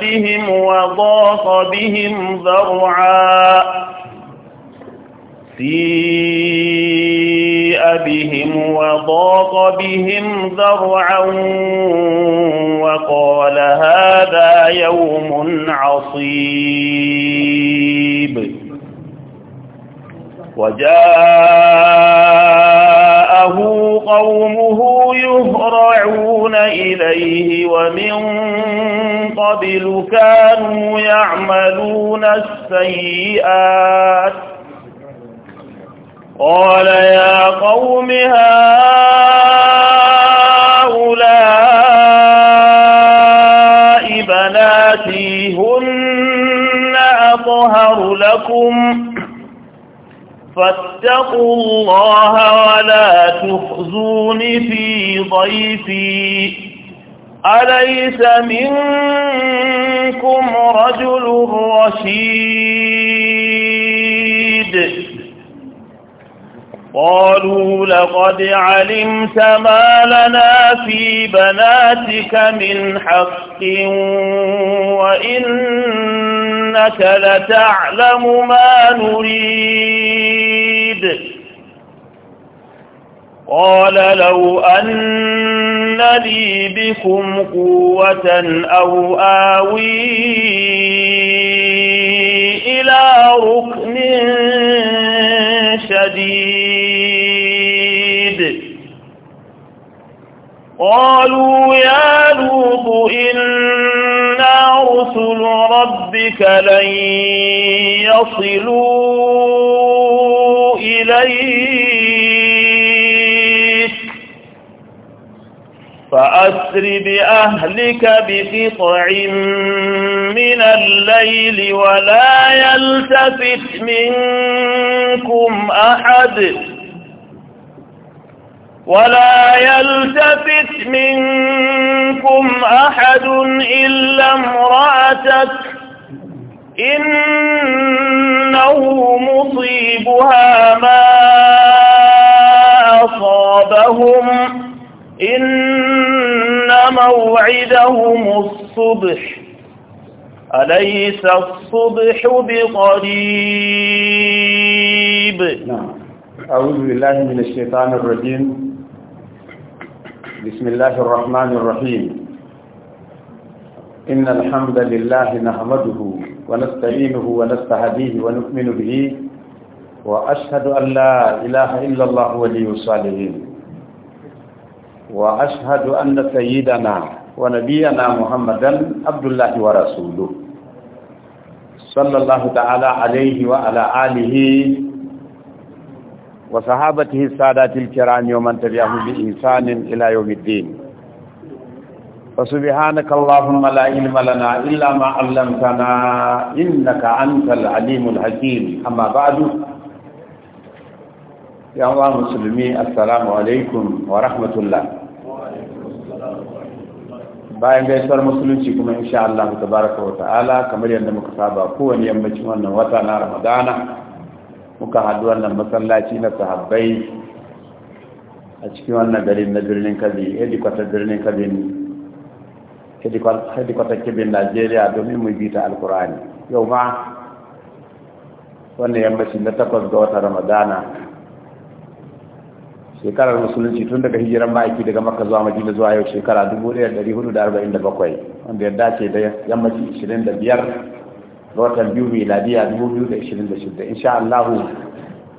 بهم وضاق بهم ذرعا سيء بهم وضاق بهم ذرعا وقال هذا يوم عصيب وجاء جاءه قومه يهرعون إليه ومن قبل كانوا يعملون السيئات قال يا قوم هؤلاء بناتي هن أطهر لكم فاتقوا الله ولا تخزون في ضيفي أليس منكم رجل رشيد قالوا لقد علمت ما لنا في بناتك من حق وإنك لتعلم ما نريد قال لو أن لي بكم قوة أو آوي إلى ركن شديد قالوا يا لوط إنا رسل ربك لن يصلوا إليه فأسر بأهلك بقطع من الليل ولا يلتفت منكم أحد ولا يلتفت منكم أحد إلا امرأتك إنه مصيبها ما أصابهم إن موعدهم الصبح أليس الصبح بقريب نعم أعوذ بالله من الشيطان الرجيم بسم الله الرحمن الرحيم إن الحمد لله نحمده ونستعينه ونستهديه ونؤمن به وأشهد أن لا إله إلا الله ولي الصالحين wa ashadu anna sayyidana wa nabiyyana muhammadan abdullahi wa rasuluhu sallallahu ta'ala alayhi wa ala alihi wa sahabatihi sadatil kirami wa man tabi'ahum bi ihsanin ila yawmiddin wa subhanaka allahumma la ilma illa ma 'allamtana innaka antal alimul hakim amma ba'du ya wa muslimi assalamu alaykum wa rahmatullah bayan gaisuwar musulunci kuma insha Allah tabaraka wa ta'ala kamar yadda muka saba kowane yammacin wannan wata na Ramadana muka haɗu wannan masallaci na sahabbai a cikin wannan garin na birnin Kabi edikwata birnin edikwata kebin Najeriya domin mu bita alkurani yau ma wannan yammacin na takwas ga wata Ramadana shekarar musulunci tun daga hijiran ma'aiki daga makka zuwa madina zuwa yau shekara 1447 wanda ya dace da yammaci 25 ga watan biyu mai ladiya 2026 insha Allah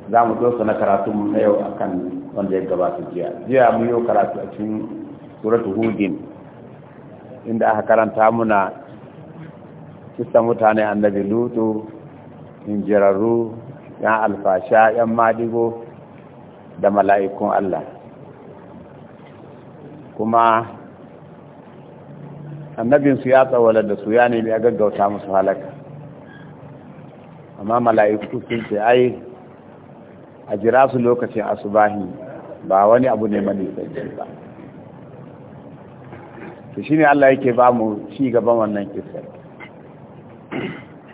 za mu zo na karatu na yau akan wanda ya gabata jiya jiya mu yau karatu a cikin suratul hudin inda aka karanta muna kisa mutane annabi lutu injirarru yan alfasha yan madigo da mala'ikun Allah kuma annabinsu ya tsawala da su ya nemi a gaggauta musu halaka amma mala'iku sun ce ai a jira su lokacin asubahi ba wani abu ne mani sai ba to shine Allah yake ba mu ci gaban wannan kisar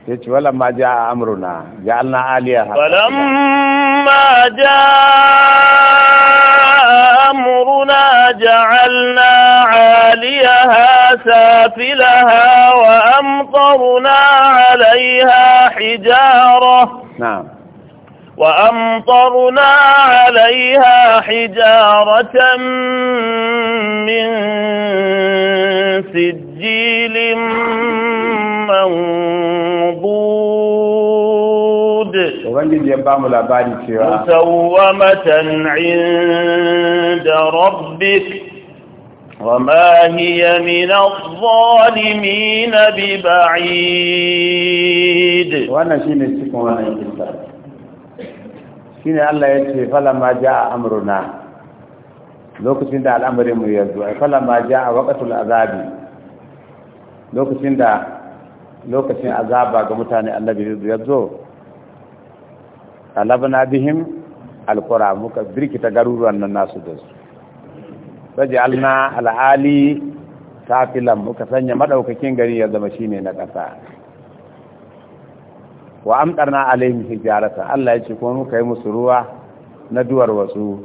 yace walamma jaa amruna ja'alna aliyaha walamma ما جاء أمرنا جعلنا عاليها سافلها وأمطرنا عليها حجارة نعم وأمطرنا عليها حجارة من سجيل منضور وَوَدُودٍ ubangiji ya bamu labari cewa musawwamatan 'inda rabbik وَمَا هِيَ مِنَ الظَّالِمِينَ بِبَعِيدٍ wannan shine cikin wannan kisa shine Allah ya ce falamma jaa amruna lokacin da al'amarin ya zo ai falamma jaa waqtul azabi lokacin da lokacin azaba ga mutane annabi ya zo talabna bihim alqura muka birkita garuruwan nan nasu da su saj'alna alali safilan muka sanya madaukakin gari ya zama shine na kasa wa amtarna alaihim hijarata Allah ya ce kuma muka yi musu ruwa na duwar wasu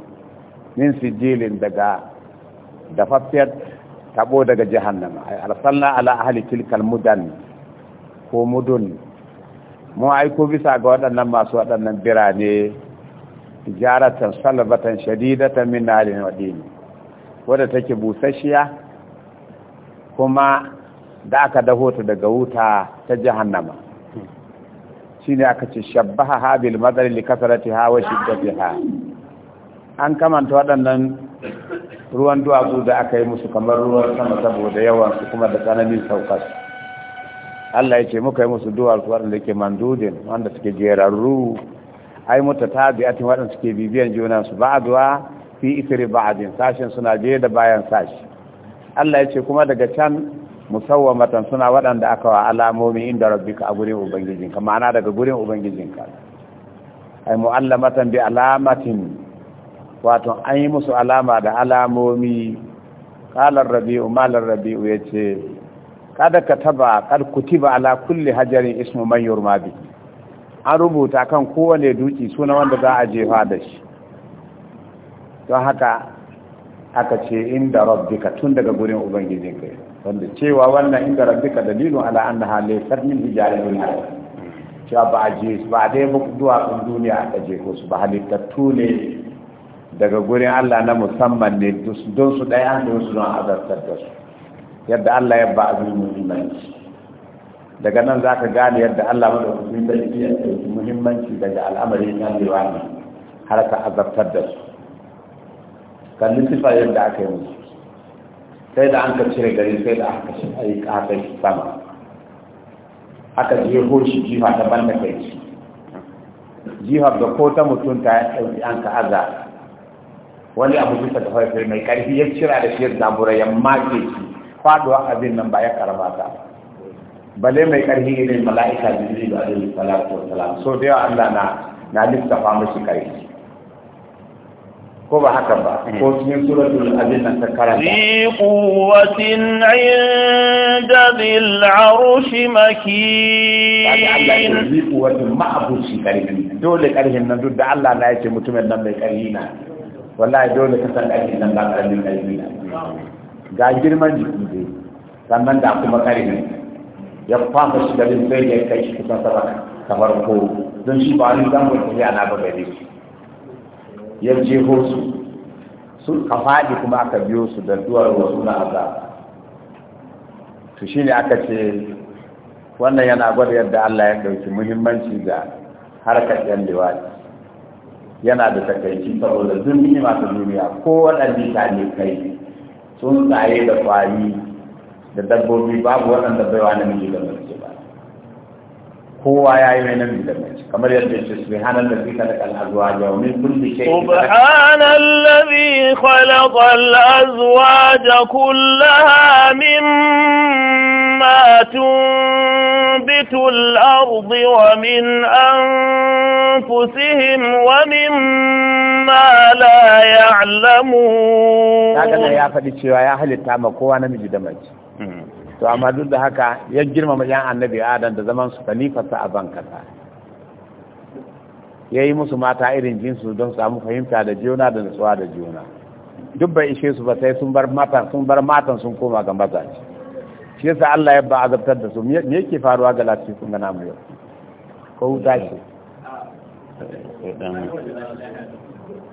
min sijilin daga dafaffiyar tabo daga jahannama ay arsalna ala ahli tilkal mudan ko mudun mu aiko bisa ga waɗannan masu waɗannan birane jaratan salabatan shadidatan min wa wadini wadda take busasshiya kuma da aka daho ta daga wuta ta jahannama shine aka ce shabbaha habil madar li kasratiha wa shiddatiha an kamanta waɗannan ruwan duwatsu da aka yi musu kamar ruwan sama saboda yawan su kuma da tsananin saukarsu Allah ya ce muka yi musu duwar waɗanda ke mandudin wanda suke jerarru ai muta tabi'atin waɗanda suke bibiyan junansu su ba'duwa fi isri ba'din sashen suna je da bayan sashi Allah ya ce kuma daga can matan suna waɗanda aka wa alamomi inda ka a gurin ubangijinka ma'ana daga gurin ubangijinka ai mu'allamatan bi alamatin wato an yi musu alama da alamomi qala rabi'u malar rabi'u yace kada ka taba karkuti kutiba ala kulli hajarin ismu man yurma bi an rubuta kan kowane duki suna wanda za a jefa da shi don haka aka ce inda rabbika tun daga gurin ubangijin kai, wanda cewa wannan inda rabbika dalilun ala annaha laysat min hijarin cewa ba je ba dai muku duwatsun duniya aka ko su ba halittattu ne daga gurin Allah na musamman ne don su ɗaya don su don azartar da su yadda Allah ya ba abin muhimmanci daga nan za ka gane yadda Allah madaukakin sarki ya ɗauki muhimmanci daga al'amari na ne har ka azabtar da su kalli sifa yadda aka yi musu sai da an ka cire gari sai da aka shi a yi sama aka je hoshi jiha ta banda kai ci jihar da ko ta mutum ta ɗauki an ka aza wani abu bisa da haifar mai ƙarfi ya cira da shi ya zabura ya make shi faduwa abin nan ba ya karama ta bale mai karhi ne mala'ika jibril alaihi salatu wassalam so da yawa Allah na na lissafa shi kai ko ba haka ba hmm. ko cikin suratul abin nan ta karanta fi quwwatin 'inda bil 'arshi makin fi quwwatin shi karfi dole karhin nan duk da Allah na yace mutumin nan mai karhi na wallahi dole ka san nan ba karfin karfi na ga girman jiki dai sannan da kuma ƙarfi ya fasa shi da zai ya kai shi kusan sama kamar ko don shi ba wani ya na ba gare ya jeho su ka faɗi kuma aka biyo su da duwar wasu na azab to shi ne aka ce wannan yana gwada yadda Allah ya ɗauki muhimmanci ga harkar yan liwaɗi yana da takaici saboda zurfi masu ta duniya ko waɗanda ta ne kai tsuntsaye da kwari da dabbobi babu waɗanda baiwa namiji da mace ba kowa ya yi mai namiji da mace kamar yadda ya ce subhanan da zika da al'azuwa da wani kulli shi subhanan lazi khalaqa al'azuwa da kullaha mimma tun تنبت الأرض ومن أنفسهم ومما لا يعلمون faɗi cewa ya halitta ma kowa na miji da دمج hmm. to amma duk da haka ya girmama yan annabi adam da zaman su khalifarsa a bankasa ya yi musu mata irin jinsu don samu fahimta da juna da nutsuwa da juna duk bai ishe su ba sai sun bar matan sun koma ga mazaje shi yasa Allah ya ba azabtar da su me yake faruwa ga lafiya kun gana mu yau ko da shi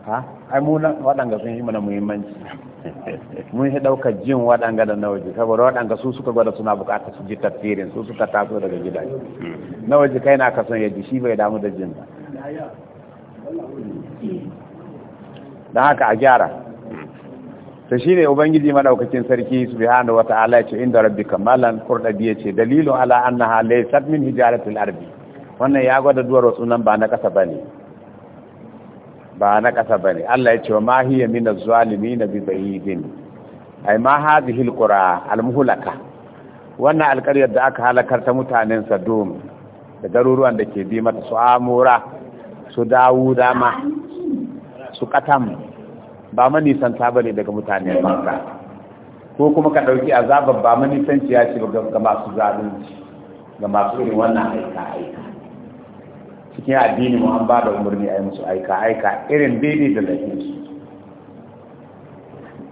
ha ai mu na wadanga sun yi mana muhimmanci mun yi daukar jin wadanga da nawaji saboda wadanga su suka gwada suna buƙatar su ji tafsirin su suka taso daga gidaje nawaji kai na ka son yaji shi bai damu da jin ba don haka a gyara shi ne ubangiji madaukakin sarki subhanahu wataala ya ce inda rabbika malan qurdabi biye ce dalilu ala annaha laysat min hijaratil ardi wannan ya gwada duwar sunan ba na kasa bane ba na kasa bane Allah ya ce ma hiya min az-zalimin bi bayyin ay ma hadhihi al-qura al-muhlaka wannan alƙaryar da aka halakar ta mutanen Sodom da garuruwan da ke bi mata su Amura su Dawudama su Katam ba manisanta ba ne daga mutanen maka ko kuma ka ɗauki azabar ba manisanci ya ce ga masu zalunci ga masu irin wannan aika-aika cikin addini mu an ba da umarni a yi musu aika-aika irin daidai da laifinsu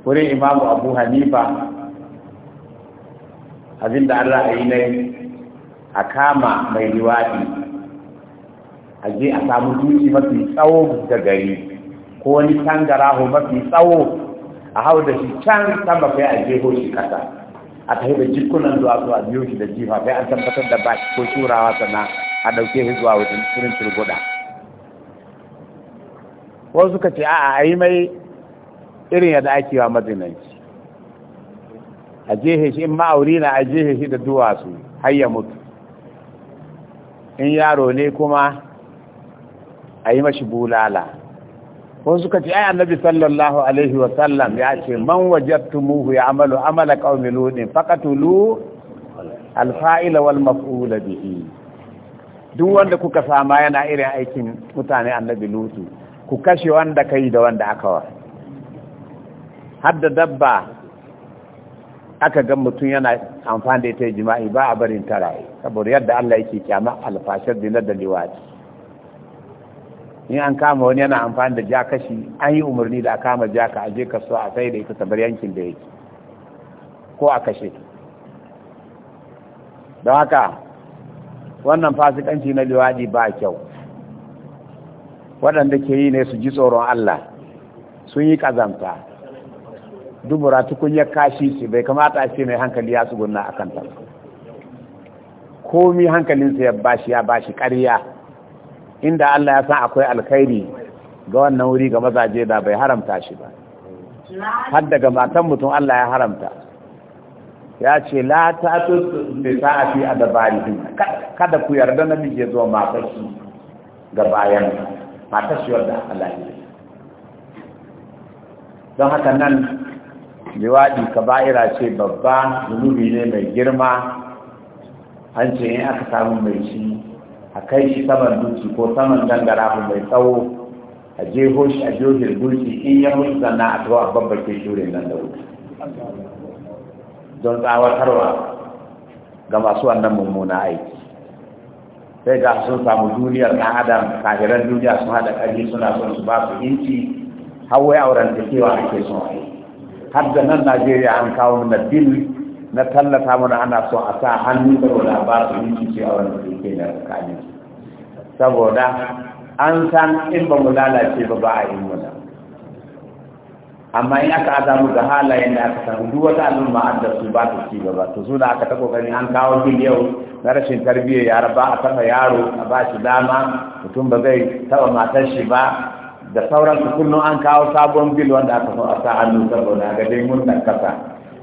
wurin imamu abu hanifa da an ra'ayi ne a kama mai liwaɗi a je a samu zuci mafi tsawon da gari ko wani tangaraho mafi tsawo a hau da shi can can ba kai a jeho shi kasa a tafi da jikunan zuwa zuwa biyo shi da jifa kai an tabbatar da baki ko shurawa sana a ɗauke shi zuwa wajen turin turguda wasu suka ce a'a a yi mai irin yadda ake wa mazinanci a jehe shi in ma'auri na a jehe shi da duwatsu har ya mutu in yaro ne kuma a yi mashi bulala wasu suka ce ai annabi sallallahu alaihi wa sallam ya ce man wajadtumuhu ya'malu amala qaumi lutin faqatulu al-fa'ila wal maf'ul bihi duk wanda kuka sama yana irin aikin mutane annabi lutu ku kashe wanda kai da wanda aka wa hadda dabba aka ga mutum yana amfani da ita jima'i ba a barin taraye saboda yadda Allah yake kyama alfashar dinar da liwati in an kama wani yana amfani da jakashi an yi umarni da a kama jaka a je kasuwa a sai da ita tabar yankin da yake ko a kashe da haka wannan fasikanci na liwadi ba kyau waɗanda ke yi ne su ji tsoron Allah sun yi ƙazamta dubura tukunyar kashi ce bai kamata a ce mai hankali ya tsugunna a kanta komi hankalinsa ya bashi ya bashi ƙarya inda Allah ya san akwai alkhairi ga wannan wuri ga mazaje da bai haramta shi ba har daga matan mutum Allah ya haramta ya ce la ta tuttu bi sa'ati adabarihi kada ku yarda na ya zo matar shi ga bayan matar shi wanda Allah ya don haka nan liwaɗi kaba'ira ce babba zunubi ne mai girma an ce in aka samu mai shi a kai shi saman dutse ko saman gangara mai tsawo a jeho shi a jojin dutse in ya mutu sannan a tuwa babbar ke shure nan da wuta don tsawatarwa ga masu wannan mummuna aiki sai ga sun samu duniyar ɗan adam kahiran duniya sun haɗa ƙarfi suna son su ba su inci hawa auren takewa ake son aiki har da nan najeriya an kawo na bil na tallata mana ana so a sa hannu saboda ba su inci ce a wani da ke na tsakanin saboda an san in ba mu lalace ba ba a yi muna amma in aka azamu ga halayen da aka san duk wata al'umma an da su ba ta ci gaba to su da aka ta kokari an kawo gil yau na rashin tarbiyyar yara ba a tafa yaro a ba shi dama mutum ba zai taba matar shi ba da sauran su kullum an kawo sabon bil wanda aka so a sa hannu saboda ga dai mun kasa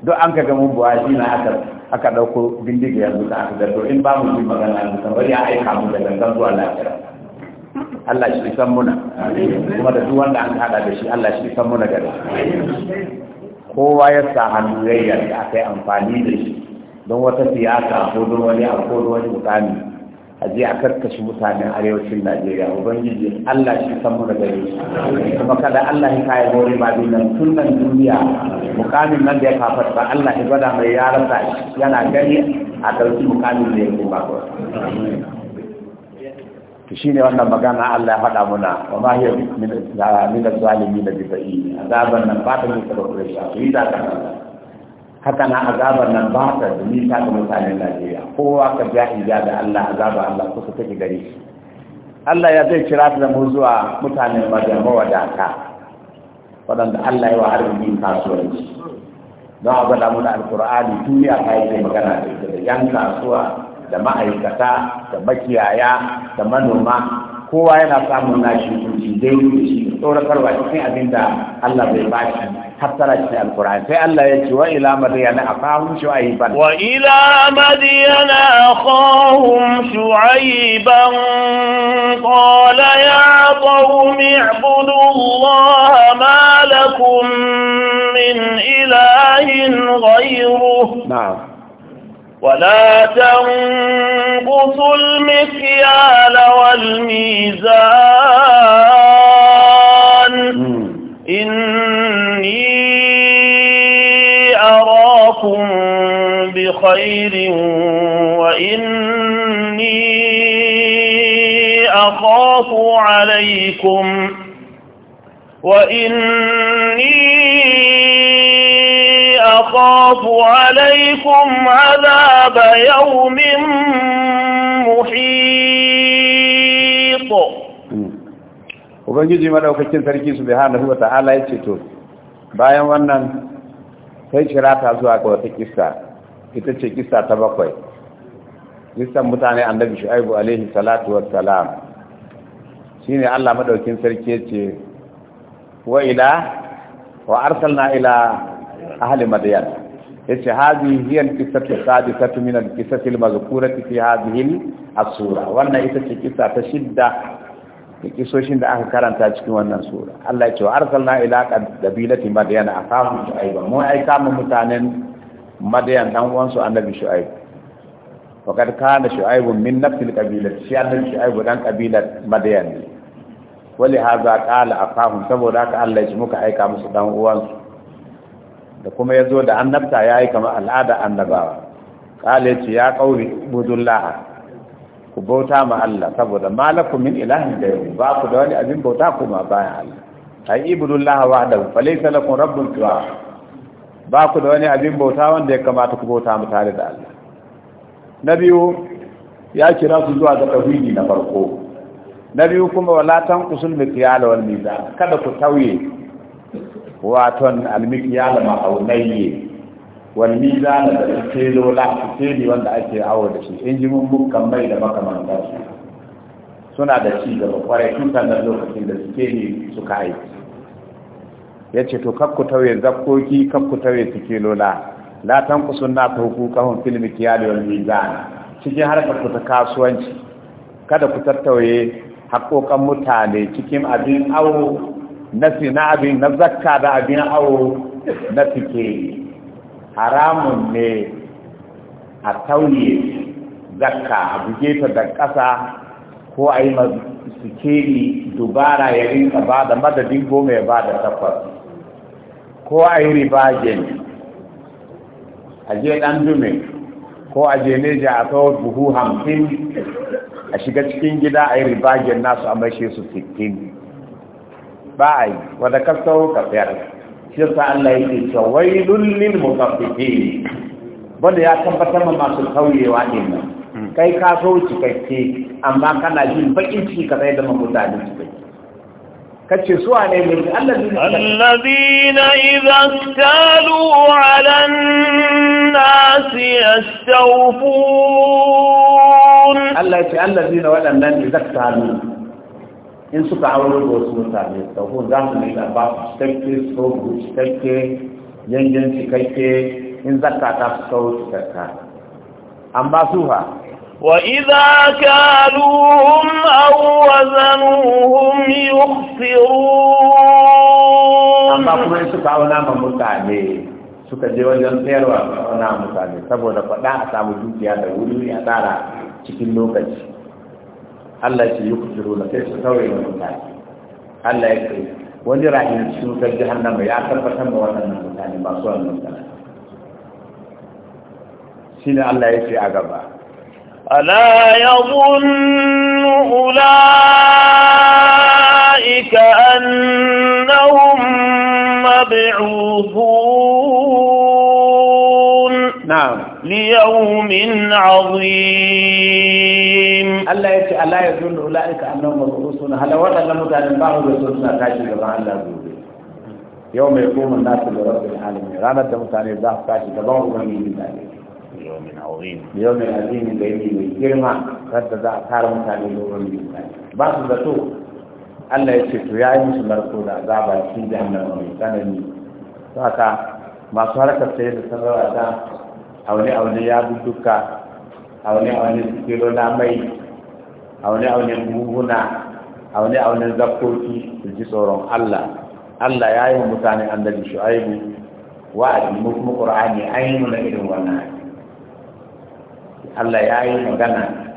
duk an ga mun buwa shi na aka aka ɗauko bindiga yanzu da aka zato in ba mu yi magana yanzu kamar ya aika mu da gangan zuwa lafiya Allah shi san muna kuma da duk wanda an hada da shi Allah shi san muna gare kowa ya sa hannu yi da aka yi amfani da shi don wata siyasa ko don wani abu ko don wani mutane. a je a karkashi mutanen arewacin najeriya ubangiji allah shi san mu da gare shi kuma kada allah ya kai gori ba nan tun nan duniya mukamin nan da ya kafar ba allah ya gwada mai ya rasa yana gani a ɗauki mukamin da ya kuma ba to shine wannan magana Allah ya faɗa muna wa ma hiya min min zalimi da bibai azaban nan ba ta mutu da kureshi a yi ta kan haka na azabar nan ba ta da ta ga mutanen Najeriya kowa ka biya ija da Allah azaba Allah kusa take gari. Allah ya zai kira ta mu zuwa mutanen Madina mawadata waɗanda Allah ya wa arziki kasuwanci don a gwada mu da alkur'ani duniya ta yi magana da ita da yan kasuwa da ma'aikata da makiyaya da manoma kowa yana samun nashi kuci dai shi tsoratarwa cikin abin da Allah bai ba shi حتى لا يجي القرآن ألا يجي إلى مدين أخاهم شعيبا وإلى مدين أخاهم شعيبا قال يا قوم اعبدوا الله ما لكم من إله غيره نعم ولا تنقصوا المكيال والميزان إني أراكم بخير وإني أخاف عليكم وإني أخاف عليكم عذاب يوم محيط ubangiji madaukakin sarki subhanahu wa ta'ala ya ce to bayan wannan sai ta zuwa ga wata kissa ita ce kissa ta bakwai kissan mutane annabi shu'aibu alaihi salatu wassalam shine Allah madaukakin sarki ya ce wa ila wa arsalna ila ahli madyan yace hadhihi hiya al-qissatu sadisatu min al-qissati al-mazkurati fi hadhihi as-sura wannan ita ce kissa ta shidda da kisoshin da aka karanta cikin wannan sura Allah ya ce arsalna ila qabilati madyan akahu shu'aib mu ai kama mutanen madyan dan uwansu annabi shu'aib faqad kana shu'aib min nafsil qabilati shi annabi shu'aib dan qabilat madyan ne wali hadha qala akahu saboda haka Allah ya ce muka aika musu dan uwansu da kuma yazo da annabta yayi kamar al'ada annabawa qala ya ce ya qauli budullah ku bauta ma Allah saboda malakum min ilahin gairu ba ku da wani abin bauta kuma bayan Allah ai ibudullah wahdahu falaysa lakum rabbun tuwa. ba ku da wani abin bauta wanda ya kamata ku bauta mu tare da Allah Nabiyu ya kira su zuwa ga tauhidi na farko Nabiyu kuma wala tanqusul miqyal wal mizan kada ku tauye waton al miqyal ma'aunayye wal mizana da telola teli wanda ake awo da shi injimin mukkan mai da makamantar su suna da ci gaba kwarai tun sannan lokacin da suke ne suka aiki ya ce to kakku tauye zakkoki kakku tauye telola la tanqusun na ta hukukahum fil mikyal wal mizan cikin harkar ku ta kasuwanci kada ku tattauye haƙoƙan mutane cikin abin awo na abin na zakka da abin awo na fikeri haramun ne a tauye zakka a buge ta da ƙasa ko a yi sikeli dubara ya rinka ba da madadin goma ya ba da takwas ko a yi ribajen a je ɗan dume ko a je neja a kawo buhu hamsin a shiga cikin gida a yi ribajen nasu a maishe su fitin ba a yi wadda ka ka fiyar shi yasa Allah yake tawailul lil mutaffifin bane ya tabbata ma masu tauyewa din nan hmm. kai ka so cikakke amma kana jin bakin ciki ka sai da mutane cikakke kace su ne ne alladhina idza stalu ala nasi yastawfun Allah ya ce alladhina wadannan idza stalu in suka aure da wasu mutane ɗauko za su mai ba su cikakke tsohu cikakke yanyan cikakke in zakka ta su kawo cikakka an ba su ha وإذا كالوهم أو وزنوهم يخسرون أما كما suka أولا من mutane, suka je wajen sayarwa na mutane saboda faɗa a samu dukiya da wuri a tsara cikin lokaci Allah ce yi kuturo na sai su kawai da mutane Allah ya ce wani rahim cikin wutar jihannama ya tabbatar da waɗannan mutane ba, masu wannan mutane shi Allah ya ce a gaba ala yadhunnu ulaika an يوم عظيم الله يتي الله يظن أولئك أنهم مبعوثون هل وضع لم تعلم بعض رسولنا تاجي لبعا الله يوم يقوم الناس لرب العالمين رانا تمتعني ذاك تاجي لبعا ومن يوم عظيم يوم عظيم بيني وكلمة قد ذا كار متعني ومن بعض ذاته الله يتي تياي مش مرسولا ذا بيتي جهنم ومن سنني فهذا masu harkar sayar da sarrafa ta aune-aune yadudduka aune-aune kilo na mai aune-aune buhuna aune-aune zakoki su ji tsoron Allah Allah ya yi mutane annabi shu'aibu wa'adi mu kuma qur'ani an yi mana irin wannan Allah ya yi magana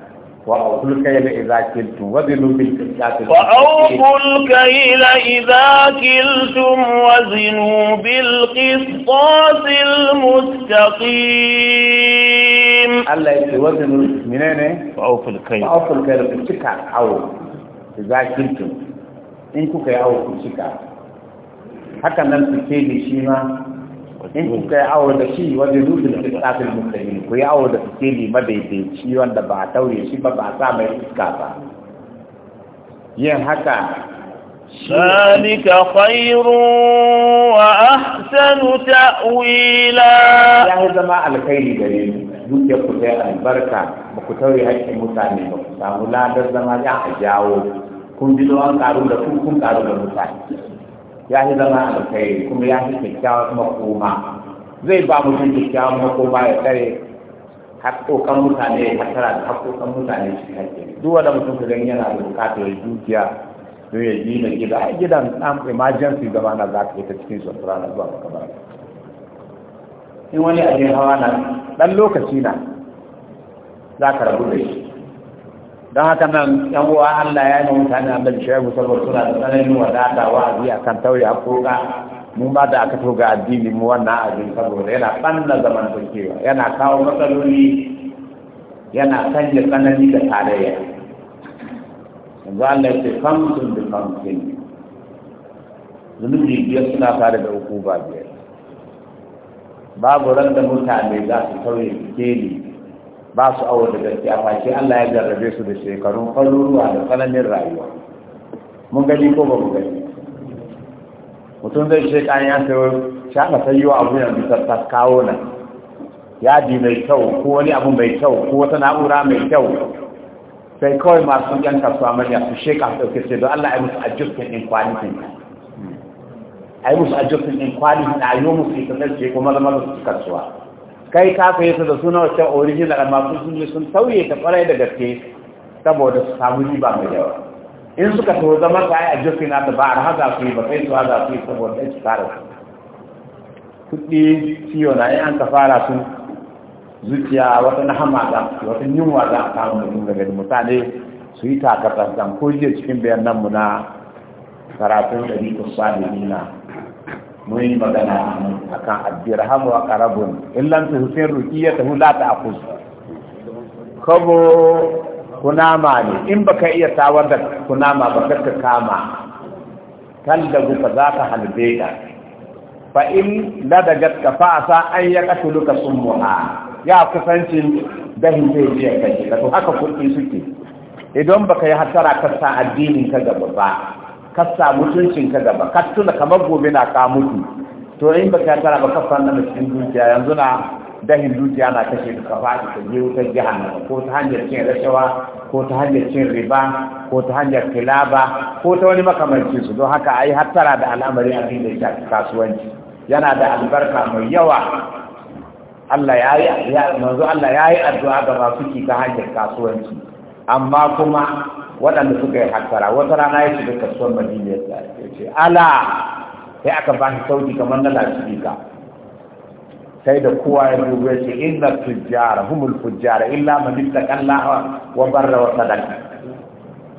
وأوفوا الكيل إذا كلتم وزنوا بالقسطاس وأوفوا الكيل إذا كلتم وزنوا بالقسطاس المستقيم الله يقول وزنوا منين؟ وأوفوا الكيل وأوفوا الكيل كتشكا أو إذا كلتم إن كي أوفوا الشكا haka nan su ke in eh, kuka yi awo da shi wajen rufin fi musulmi ku yi awo da suke ne madaidaici wanda ba a taure shi ba ba a sa mai iska ba yin haka ذلك ta Wila. Ya yi zama ما gare ni, duk ya ku sai albarka ba ku taure haƙƙin mutane ba ku samu ladar zama ya a jawo kun ji an karu da kun kun karu da mutane ya yi zama yi kuma ya yi kyakkyawar makoma zai ba mutum kyakkyawar makoma ya tsare haƙoƙan mutane ya tattara da haƙoƙan mutane shi kake duk wanda mutum ka gani yana da bukatar ya dukiya don ya ji na gida a gidan ɗan emergency zama na za ka yi ta cikin su na zuwa ba in wani abin hawa na ɗan lokaci na za ka rabu da shi don haka nan yan uwa Allah ya yi mutane mai shaibu saboda suna da tsananin wadata wa a biya kan a koga mun ba da aka toga addini mu wannan abin saboda yana ɓanna zamantakewa yana kawo matsaloli yana sanya tsanani da tarayya yanzu Allah ya ce famsin da famsin zunubi biyar suna tare da hukuma biyar babu ran da mutane za su tauye sikeli ba su aure da gaske amma shi Allah ya jarrabe su da shekarun faruwa da tsananin rayuwa mun gani ko ba mu gani mutum zai shi kan ya sayo shaka sai yiwa abu yanzu ta kawo nan yadi mai kyau ko wani abu mai kyau ko wata na'ura mai kyau sai kawai masu yan kasuwa manya su sheka su ɗauke sai don Allah ya musu ajiyar in quality a yi musu ajiyar in quality na yi musu ita zai ce kuma zama su kasuwa kai ka saye ta da suna wacce original amma sun yi sun sauye ta kwarai da gaske saboda su samu riba mai yawa in suka to zama ta yi adjusting na ta ba a haza su yi ba sai su haza su yi saboda su kare su kuɗi ciwo na in an ka fara su zuciya wata na za wata yunwa za a samu mutum daga mutane su yi takatsantsan ko jiya cikin bayanan mu na karatun ɗari kusa da nina mun yi magana a akan abdirham wa qarabun illan tu husain ruqiyatahu la ta'khuz kabo kunama ne in baka iya tawar da kunama ba ka kama Kan da fa za ka halbe ka fa in ladagat ka fa sa an ya qatuluka summuha ya kusanci dahin zai iya kace to haka kudi suke idan baka yi hasara ka sa addinin ka gaba ba ka samu mutuncin ka gaba ka tuna kamar gobe na ka mutu to in baka tara ba ka fanna cikin dukiya yanzu na dahin dukiya na kashe ka ba ka je wutar jahannama ko ta hanyar cin rashawa ko ta hanyar cin riba ko ta hanyar kilaba ko ta wani makamancin su don haka ai hattara da al'amari a da kasuwanci yana da albarka mai yawa Allah ya yi manzo Allah ya yi addu'a ga masu ki hanyar kasuwanci amma kuma waɗanda suka yi hasara wata rana ya shiga kasuwar madina ya ce ala sai aka ba shi sauki kamar na ka. sai da kowa ya dubo ya ce inna tujjara humul fujjara illa man ittaqalla wa barra wa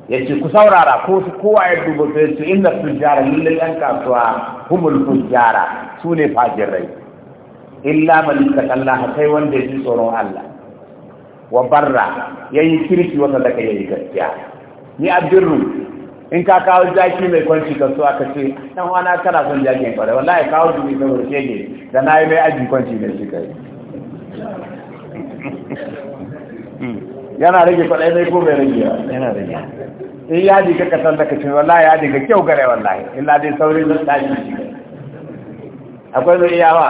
Ya ce, ku saurara ko kowa ya dubo sai ya ce inna tujjara lillal yan kasuwa humul fujjara sune fajirai illa man ittaqalla sai wanda ya ji tsoron Allah wa barra Ya yi kirki daga ya yi gaskiya ni abdurru in ka kawo zaki mai kwanci ka so aka ce ɗan wana kana son zaki ne kwarai wallahi kawo dubi da wuce ne da yi mai aji kwanci mai shi kai yana rage kwarai mai ko mai rage yana rage in ya ji ka san da kace wallahi ya ji ka kyau gare wallahi illa dai saurin da tsaki akwai mai iyawa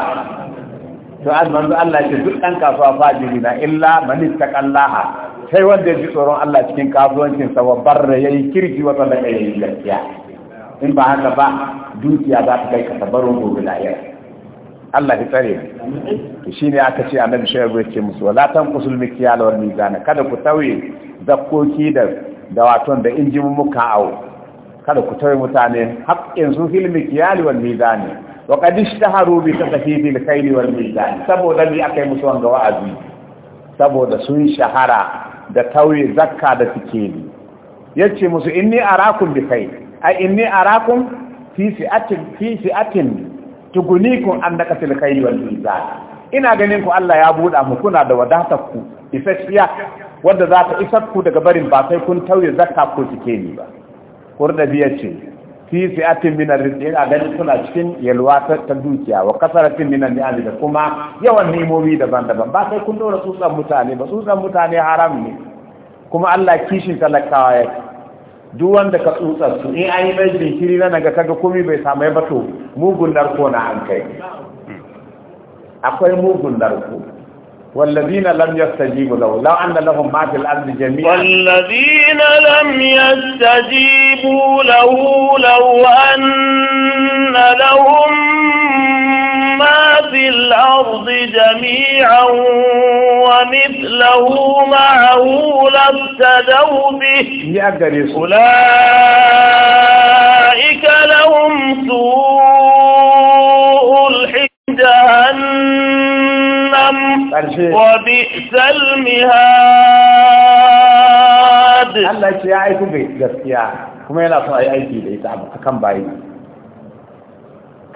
to an Allah ce duk ɗan kasuwa fajiri na illa man istaqallaha sai wanda ya ji tsoron Allah cikin kasuwancin sa da yayi kirki wata da yayi gaskiya in ba haka ba dukiya za ta kai ka tabarun gobe Allah ya tsare to shine aka ce annabi ya ce musu wala tanqusul mikyal wal mizan kada ku tauye zakoki da da waton da injin muka awo kada ku tauye mutane haƙƙin su fil mikyal wal mizan wa qad ishtaharu bi tafhidil khayl wal mizan saboda ni akai musu wanga wa'azi saboda sun shahara da tauye zakka da sikeli yace musu inni arakum bi kai ai inni arakum fi atin fi fi'atin tugunikum an kasil kai wal mizan ina ganin ku Allah ya buda mu kuna da wadatar ku isasshiya wanda za ta isar ku daga barin ba sai kun tauye zakka ko sikeli ba biya ce. fi fi'atin min arzik a ganin suna cikin yalwa ta dukiya wa kasaratin min ni'am da kuma yawan nemomi daban-daban ba sai kun dora tsutsan mutane ba tsutsan mutane haram ne kuma Allah kishin talakawa ya duk wanda ka tsutsa su in an yi mai jinkiri na naga kaga komai bai samu ya bato mugun narko na an kai akwai mugun narko والذين لم يستجيبوا له لو أن لهم ما في الأرض جميعا والذين لم يستجيبوا له لو أن لهم ما في الأرض جميعا ومثله معه لابتدوا به أولئك لهم سوء الحجاب وبئس المهاد Allah ce ya aiki bai gaskiya kuma yana son a yi aiki da ita a kan bayi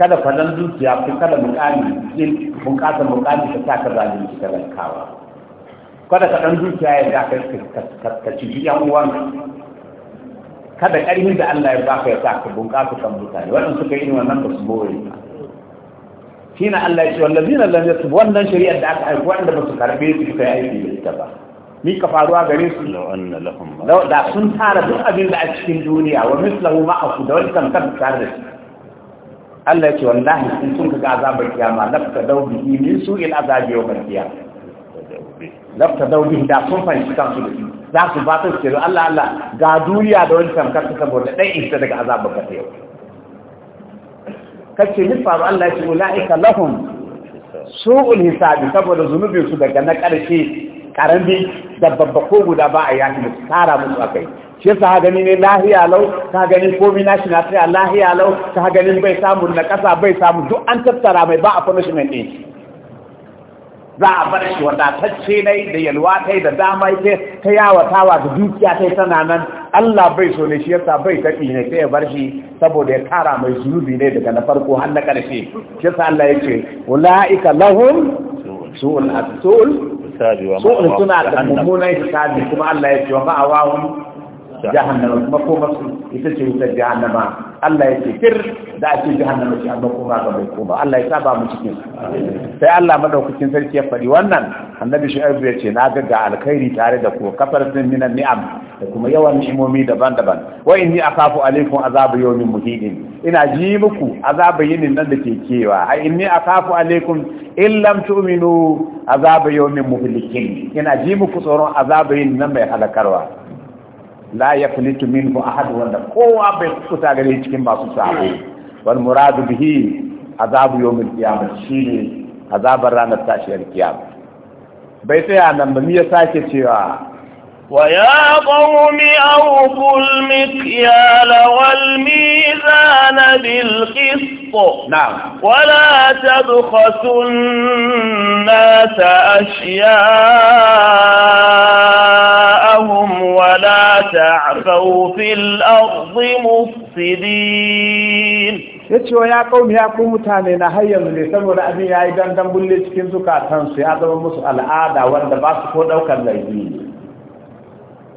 kada fadan dukiya ko kada mukami din bukatar mukami ta sa ka zalunci ta rankawa kada ka dan dukiya ya da ka ci yan uwan kada karfin da Allah ya baka ya sa ka bunƙasa kan mutane wannan suka yi wannan ba su more shine Allah ya ce wallazina lam yatub wannan shari'ar da aka aika wanda ba su karbe su kai aiki da ita ba ni ka faruwa gare su law da sun tara duk abin da a cikin duniya wa mislahu ma'ahu da wani kan kan tare da shi Allah ya ce wallahi in sun kaga azabar kiyama lafta daubi min su'il azabi yawmal qiyamah lafta daubi da sun fanci kansu da shi za su ba ta ce Allah Allah ga duniya da wani kan ta saboda dai isa daga azabar ka yau nifa ba Allah ya ce ula'ika lahum su'ul hisabi saboda zunubi su daga na ƙarshe karambi da babba ko guda ba a yaki musu tara musu akai shi yasa ha gani ne lahiya lau ka gani komi na shi na tsaya lahiya lau ka gani bai samu na ƙasa bai samu duk an tattara mai ba a shi mai ɗin za a bar shi wadatacce ne da yalwa ta da dama ita ta yawatawa da dukiya ta tana nan Allah bai so ne shi yasa bai tafi ne sai ya bar shi saboda ya kara mai zunubi ne daga na farko har na ƙarshe shi yasa Allah ya ce ulaika lahum su'ul su'ul su'ul suna da mummunan hisabi kuma Allah ya ce wa ma'awahum jahannama kuma ko masu ita ce wutar jahannama Allah ya ce fir da ake jahannama shi amma kuma ga mai koma Allah ya saba mu cikin sai Allah madaukakin sarki ya faɗi wannan annabi shi ya ce na ga ga alkhairi tare da ku kafar min mina ni'am da kuma yawan ni'imomi daban-daban wa inni akhafu alaikum azab yawmin muhidin ina ji muku azabu yinin nan da ke kewa ai inni akhafu alaikum in lam tu'minu azab yawmin muhlikin ina ji muku tsoron azabu yinin nan mai halakarwa la yaflitu minhu ahad wanda kowa bai kusa gani cikin masu sabo wal muradu bihi azabu yawmil qiyamah shine azabar ranar tashiyar kiyama bai tsaya nan ba ya sake cewa ويا قوم أوفوا المكيال والميزان بالقسط نعم ولا تبخسوا الناس أشياءهم ولا تعفوا في الأرض مفسدين yace wa ya kaumi ya ku mutane na har yanzu ne saboda abin yayi dandan bulle cikin zukatansu ya zama musu al'ada wanda ba su ko daukar laifi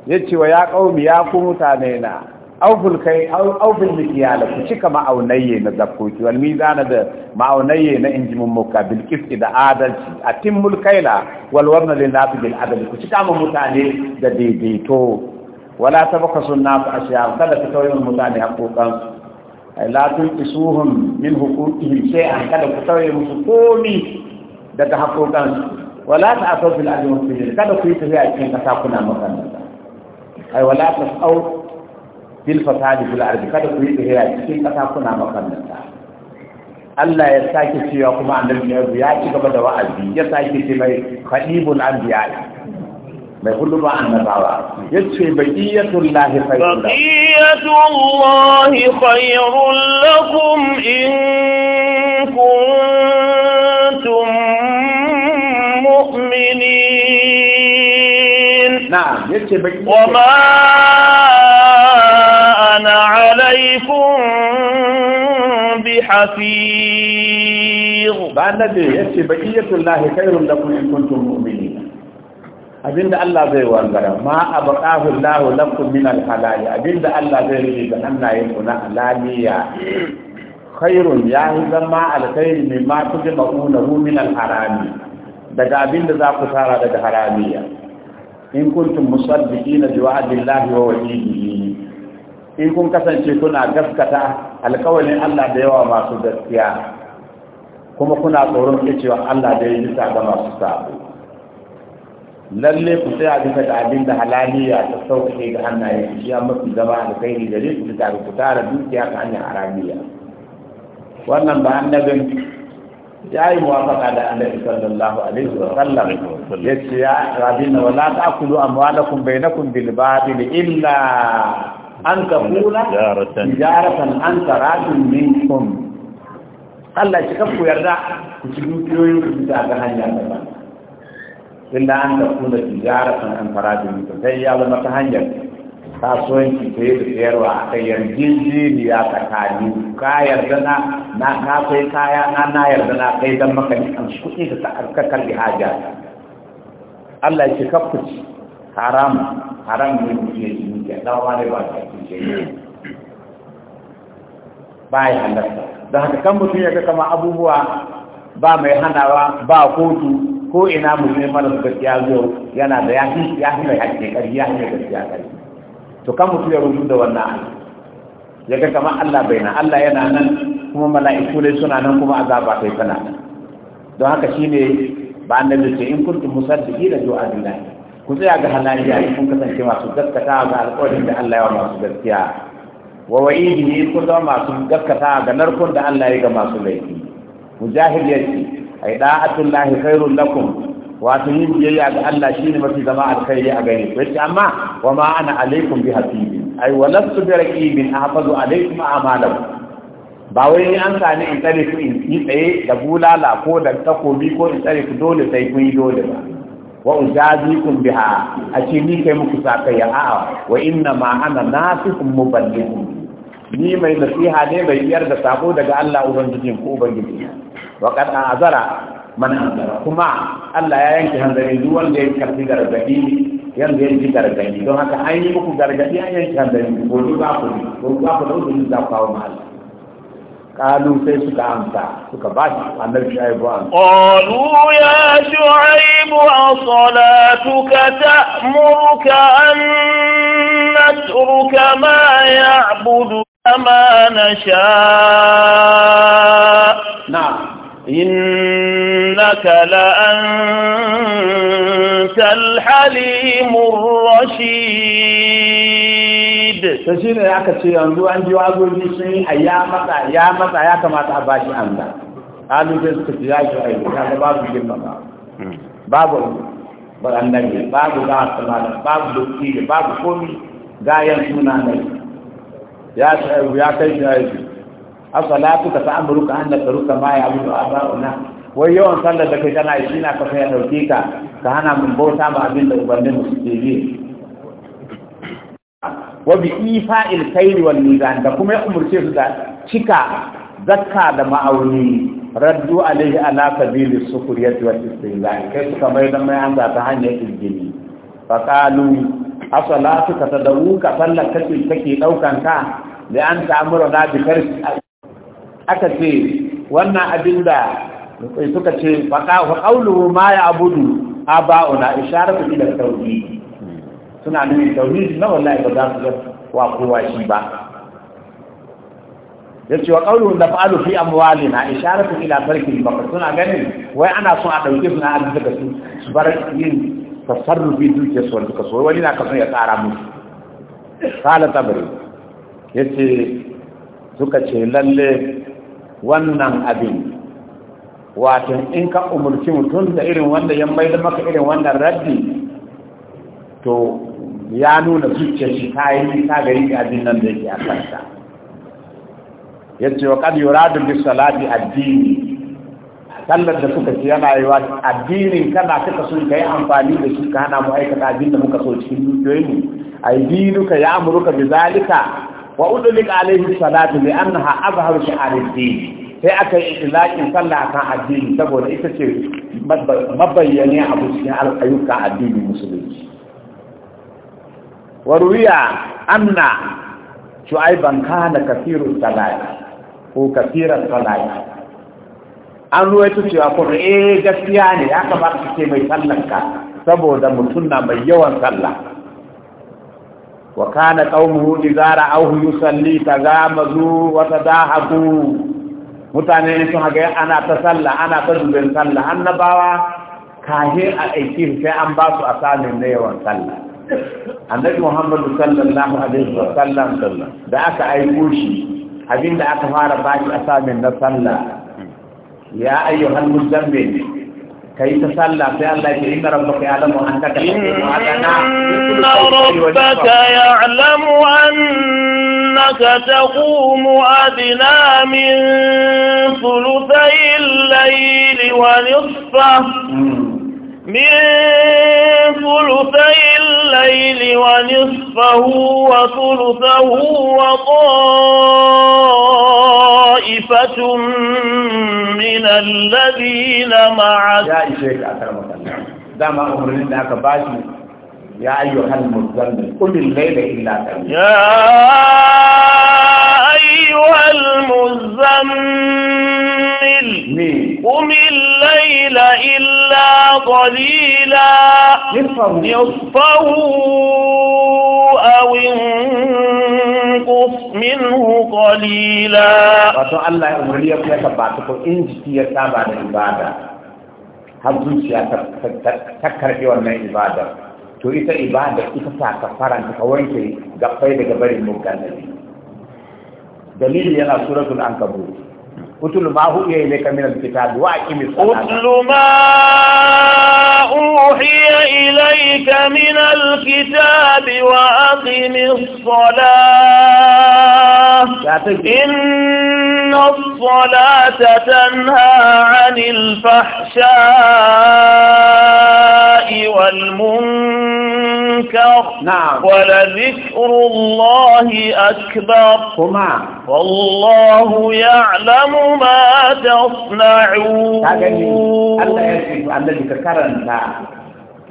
ya ce wa ya ƙaumi ya ku mutane na auful kai auful mikiyala ku cika ma'aunayye na zakkoki wal mizana da ma'aunayye na injimin muka bil da adalci a tin mulkaila wal da lin nas bil ku cika ma mutane da daidaito wala ta tabaka sunna a ashiya kada ku tauye mutane a hakokan la tunqisuhum min huquqihim shay'an kada ku tauye musu komi daga hakokan wala ta ta'afu fil adl kada ku yi tafiya cikin kasa kuna makanta ai wala tasau bil fasadi fil ardi kada ku yi tsira cikin kasa kuna makarnata Allah ya sake cewa kuma annabi ya ci gaba da wa'azi ya sake ce mai khadibul anbiya mai hudu ba annabawa ya ce baqiyatul lahi khairul baqiyatul lahi khairul lakum in kuntum نعم. وما أنا عليكم بحفيظ بعد الله زي وانقرا ما أبقاه الله لكم من الحلال أبين الله زي رجل أننا يكون ألالية خير يا زما الخير مما تجمعونه من الحرام دقابين ذاك سارة دقابين in kuntum musaddiqina bi wa'dillahi wa wa'idihi in kun kasance kuna gaskata alƙawarin Allah da yawa masu gaskiya kuma kuna tsoron cewa Allah da ya bisa ga masu sabo lalle ku saya bisa da abin da halaliya ta sauƙaƙe ga hannaye shi ya mafi zama alkhairi da ku bisa ga ku tara dukiya ta hanyar haramiya wannan ba annabin ya yi muwafaka da annabi sallallahu alaihi wa sallam wasallam yace ya rabina wala bai na kun bil batil illa an takuna tijaratan an taradun minkum Allah shi kan ku yarda ku ci dukiyoyin ku ta ga hanya da ba illa an takuna tijaratan an taradun minkum sai ya zama ta hanyar kasuwanci ta yi da sayarwa a kan yarjejeniya tsakani ka yarda na na kai kaya na na yarda na kai don maka ni an kuɗi da ta karkakar da haja Allah ya ce kafuci haram haram ne mutum ya ci da wani ba ta ci ba ya halatta da haka kan mutum ya ga kama abubuwa ba mai hanawa ba kotu ko ina mutum mara gaskiya zo yana da yafi yafi mai hakki kari ya mai gaskiya kari to kan mutum ya rubuta da wannan abu ya ga kama Allah bai na Allah yana nan kuma mala'iku ne suna nan kuma azaba kai kana don haka shine ba annabi ce in kuntum musaddiqina du'abillahi ku tsaya ga halaliya in kun kasance masu gaskata ga alƙawarin da Allah ya masu gaskiya wa wa'idihi kun zama masu gaskata ga narkon da Allah ya ga masu laifi mujahid yace ai da'atullahi khairul lakum wato yin biyayya ga Allah shine mafi zama alkhairi a gare ku yace amma wa ma ana alaikum bi hafiz ai wa lastu bi raqibin ahfazu alaikum a'malakum ba wai an sami in tsare ku in yi tsaye da bulala ko da takobi ko in tsare ku dole sai kun yi dole ba wa kun biha a ce ni kai muku sakayya a'a wa inna ma ana nasikum muballighun ni mai nasiha ne mai biyar da sako daga Allah ubangijin ku ubangiji wa kad azara man azara kuma Allah ya yanke hanzari duk wanda ya karbi gargadi yanda ya ji gargadi don haka an yi muku gargadi an yanke hanzari ko duk ba ku ko ba ku da uzuri za ku kawo mahalli. قالوا أمسا شعيب قالوا يا شعيب أصلاتك تأمرك أن نترك ما يعبد كما نشاء نعم إنك لأنت الحليم الرشيد shadid ta shi ne ya ce yanzu an ji wazoji sun yi a ya matsa ya matsa ya kamata a bashi an da halin sai suka ci yaki a yi kaga babu girma ba babu ne, babu za a samana babu da babu komi gayan suna mai ya shi ya kai shi ya yi asalatu ka ta'amuru an da ruka ma ya abu aba'una wai yawan sallar da kai kana yi shi na kafa ya dauke ka ka hana mun bauta ma abin da ubannin su suke biyu. wa bi ifa'il kayli wal mizan da kuma ya umurce su da cika zakka da ma'auni raddu alaihi ala sabili sukuriyati wal istilal kai suka mai da mai an ta hanyar injini fa qalu asalatu ka tadawu ka sallar kake take daukan ka da an ta'amura da bi aka ce wannan abin da suka ce fa qawluhu ma ya abudu aba'una isharatu ila tawhid suna nuna tauhidi na wallahi ba za su ga wa kowa shi ba Ya ce wa qawlu da fa'alu fi na isharatu ila ba ka suna ganin wai ana son a ɗauke suna a duka su su bar yin tasarrufi duke su duka so wani na kasan ya tsara musu qala tabari ce suka ce lalle wannan abin wato in ka umarci mutum da irin wanda ya maida maka irin wannan raddi to ya nuna zuciya shi ta yi ta gari ga abin nan da yake a kanta ya ce wa yura da bisa salati addini sallar da suka ce yana yi wa addinin kana suka sun ka yi amfani da shi ka hana mu aikata abin da muka so cikin dukiyoyinmu aidinuka ya amuruka bi zalika wa udlik alaihi salatu bi annaha azharu shi ad sai aka yi ilakin sallah akan addini saboda ita ce mabayyane abu cikin ayyuka addini musulunci waruwiya anna shu'aiban kana kafiru salai, ko kafiran salai, an ruwaito cewa ko eh gaskiya ne ya kamata ce mai sallanka saboda mutum na mai yawan sallah wa kana qaumuhu idza au yusalli tagamazu wa tadahaku mutane ne sun haga ana ta sallah ana ta zubin sallah annabawa kahe a aiki sai an ba su asalin na yawan sallah annabi muhammadu sallallahu alaihi wa sallam da aka aiko shi abinda aka fara baki a samin na sallah ya ayyuhal muzammil kai ta sallah sai Allah ya inna rabbaka ya'lamu annaka rabbaka ya'lamu أنك تقوم أدنى من ثلثي الليل ونصفه من ثلثي الليل ونصفه وثلثه وطائفة من الذين معك يا إشيك أكرمك الله دام أمر أمرنا كباشي يا أيها المزمل قل الليل إلا كمي يا أيها المزمل قم الليل إلا قليلا نصفه أو منه قليلا رسول الله يقول لي يا سباتك إن جتي سابع العبادة هل زوجي أتكرك يوم العبادة to ita ibada ita sa ka faranta ka wanke gabbai daga barin mugan da dalili yana suratul ankabut utul ma hu ya ilayka min alkitab wa aqim as-salat utul ma uhiya ilayka min الكتاب وأقم الصلاة إن الصلاة تنهى عن الفحشاء والمنكر نعم ولذكر الله أكبر والله يعلم ما تصنعون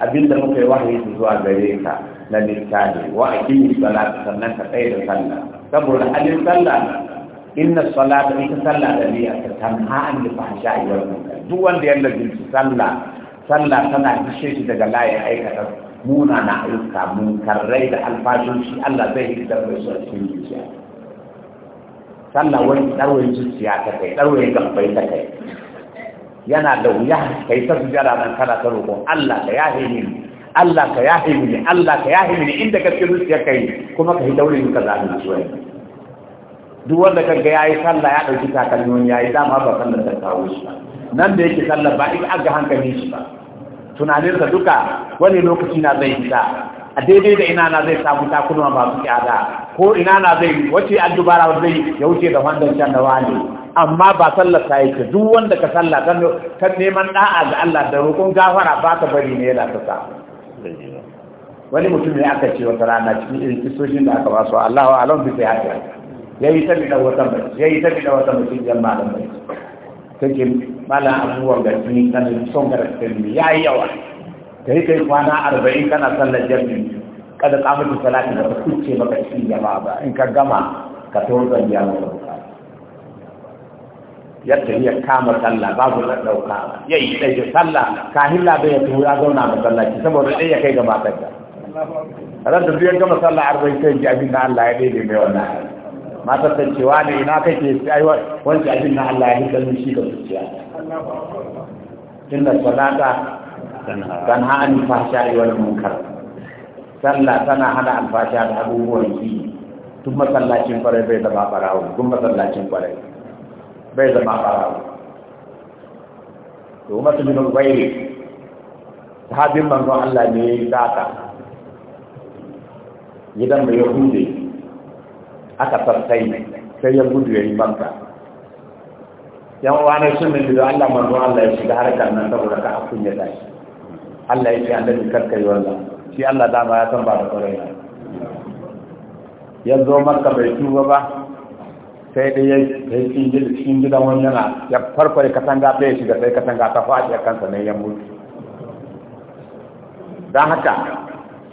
abinda muka yi wahayi zuwa gare ka na littafi wa aqimi salata sannan ka tsaya da sallah saboda alin sallah inna salata ita sallah da niyya ta tanha an da fahsha wal munkar duk wanda ya lazimci sallah sallah tana kishe shi daga layin aikata muna na aiki ayyuka karrai da alfashin shi Allah zai yi da su a cikin zuciya sallah wani ɗarwayin zuciya ta kai ɗarwayin gabbai ta kai yana da wuya kai ta jara nan kana ta roƙon Allah ka yahe ni Allah ka yahe ni Allah ka yahe ni inda ka cikin zuciya kai kuma ka yi daure ka zaɓi shi wani duk wanda ka ga yayi sallah ya ɗauki takalmin yayi dama ba sallar ta kawo shi nan da yake sallar ba ita aka hankali shi ba tunaninsa duka wani lokaci na zai fita a daidai da ina na zai samu takunuwa masu tsada ko ina na zai wace addubara zai ya wuce da wanda can da wani amma ba sallar ta yi duk wanda ka sallah kan neman da'a ga Allah da roƙon gafara ba ta bari ne yana ta sa wani mutum ne aka ce wata rana cikin irin da aka ba su Allah wa alam bi sai haka yayi ta da wata mai yayi ta bi da wata mutum yan malam mai take malam abubuwan da ni kan son ga Ya yayi yawa kai kai kwana 40 kana sallar jami'i kada ka mutu salati da kuce maka cikin jama'a ba in ka gama ka tawar da jama'a yadda iya kama sallah babu na dauka ya yi ɗaya sallah kahin labe ya tuhu ya zauna masallaci saboda ɗaya ya kai ga matar da ran da biyar gama sallah arba'in sai ji abin na Allah ya ɗaya mai wannan matar ta cewa ne ina kake aiwa wancan abin na Allah ya hikar shi ga zuciya inna salata ha an yi wani munkar sallah tana hana alfasha da abubuwan yi tun masallacin kwarai bai zama barawo tun masallacin kwarai bai zama ba. to umar bin ubayy sahabin manzo Allah ne ya yi sata gidan mai yahude aka sassai sai ya gudu ya yi banka yan wani sun da Allah manzo Allah ya shiga harkar nan saboda ka akun ya tashi Allah ya ce annabi karka yi wannan shi Allah dama ya san ba da kwarai Yanzu zo makka bai tuba ba sai da ya yi cikin gidan wani yana ya farfare katanga ɗaya shiga sai katanga ta faɗi a kansa na ya mutu don haka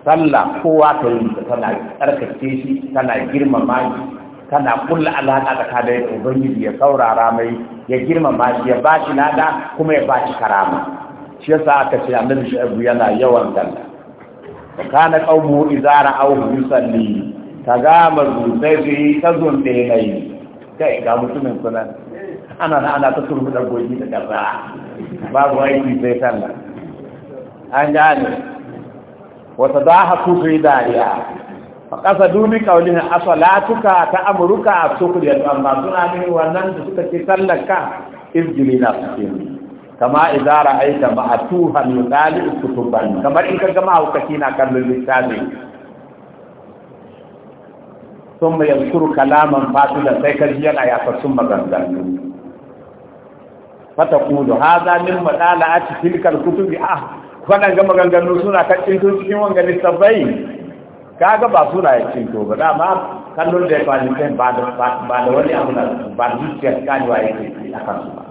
sallah kowa ta yi ta tana tsarkake shi tana girmama shi tana kulla alaƙa tsakanin ubangiji ya saurara mai ya girmama shi ya ba shi lada kuma ya ba shi karama shi yasa aka ce annabi shu'aibu yana yawan sallah kana qaumu idza ra'awhu yusalli tagamaru sai su yi na yi. kai ga mutumin kunan ana na ana ta turmi da goji da ƙasa babu aiki sai sallah an gane wata za ha fi dariya a ƙasa duni kaulin asalatuka ta amruka a sukuri ya amma suna ne wannan da suka ce sallaka izgili na suke kama izara aita ma'atuhan yudali kutuban kamar in ka gama hukaki na kallon littafin sun mai yankuru kalaman fasu da sai ka ji yana yafassun maganganu fata kudu ha za min maɗala a cikin kutubi ah wannan ga maganganu suna kacin tun cikin wanga lissabai kaga ba suna ya cinto ba da ma kallon da ya fani kai ba da wani abu na ba da zuciya zuciyar kanewa ya ke a kansu ba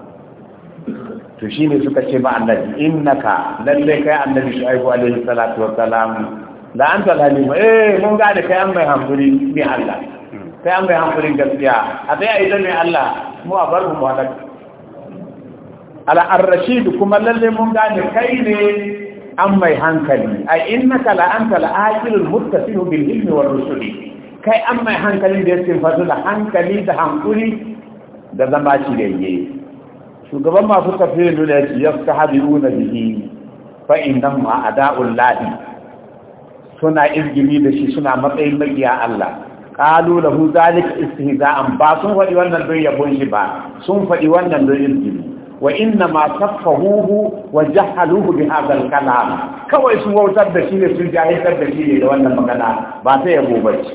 to shi ne suka ce ba annabi innaka lallai kai annabi shu'aibu alaihi salatu wa salam da an talani ba eh mun gane kai an bai hankuri ne Allah kai an bai hankuri gaskiya a sai a yi ne Allah mu a bar mu wadar ala ar-rashid kuma lalle mun gane kai ne an mai hankali ai innaka la anta al-aqilul muttasil bil ilmi war rusuli kai an mai hankali da yake fadu da hankali da hankuri da zama shi da yake shugaban masu tafiyar da yake yaftahabuna bihi fa innahum a'da'ul lahi suna izgili da shi suna matsayin magiya Allah qalu lahu zalika istihza'an ba sun faɗi wannan don yabon shi ba sun faɗi wannan don izgili wa inna ma safahuhu wa jahaluhu bi hadha al-kalam kawai sun wautar da shi ne sun jahiltar da shi ne da wannan magana ba sai yabo ba ce